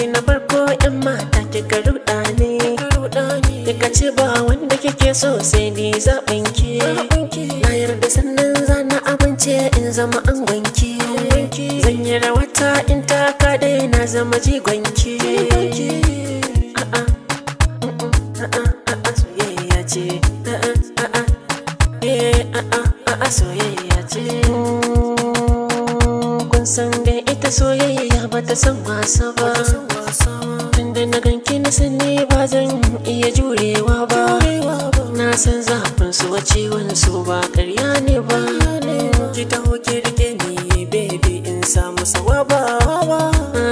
ki na farko yan mata kika ruɗa ne kika ce ba wanda kike so sai ni zaɓin ki na yarda sannan zana abinci in zama an gwanki zan yi rawata in taka dai na zama jigonki a'a a'a soyayya ce ita soyayya ba ta san wasa ba Tunda na ganke na sani ba zan iya jurewa ba Na san zafin su wace wani su ba karya ne ba Ki ta hoke rike ni baby in samu sawa ba mm-hmm.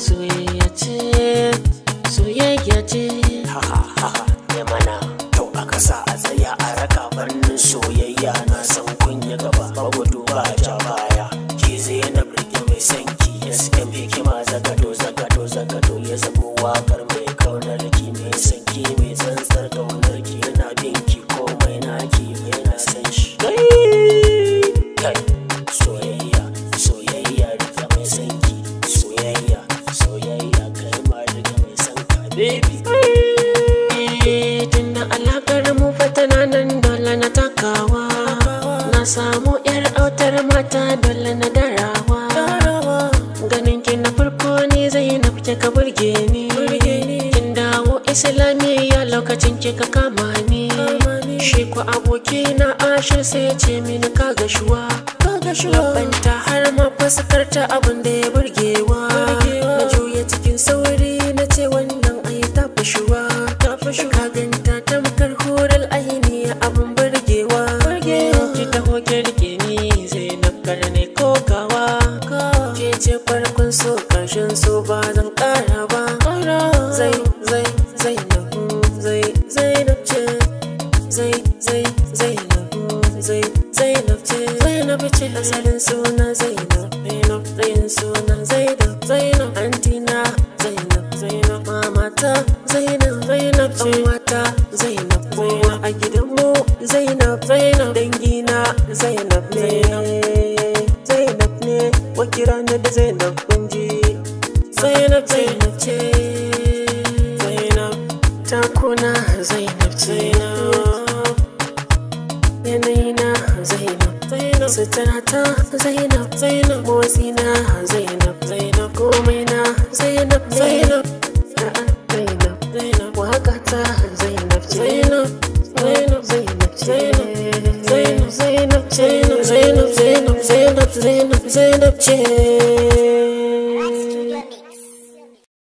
Soyayya ce, soyayya ce. wakar mai kaunar ki mai sanki mai tsantsar kaunar ki yana bin ki komai na ki yana san shi kai soyayya soyayya riga mai sanki soyayya soyayya kai ma daga mai sanka baby tunda alakar mu fatana nan islamiyya lokacin kika kama ni shi ku aboki na ashir sai ya ce mini ka gashuwa labanta har ma fuskarta abin da ya burgewa na juya cikin sauri na ce wannan ayi ta fashuwa ka ganta tamkar hurar ahiniya abin burgewa ki taho kirki ni zai na ne. zai zainab ce zainab ce asalin suna zainab zainab tsayin suna zainab zainab antina zainab zainab mamata zainab zainab ce mata zainab kowa a gidanmu zainab zainab dangina zainab ne zainab ne wa kira da zainab kunji zainab zainab yanayina zainab zainab suturata zainab zainab motsina zainab zainab komai na zainab zainab zainab zainab wakata zainab ce zainab zainab zainab zainab zainab zainab zainab zainab zainab zainab zainab ce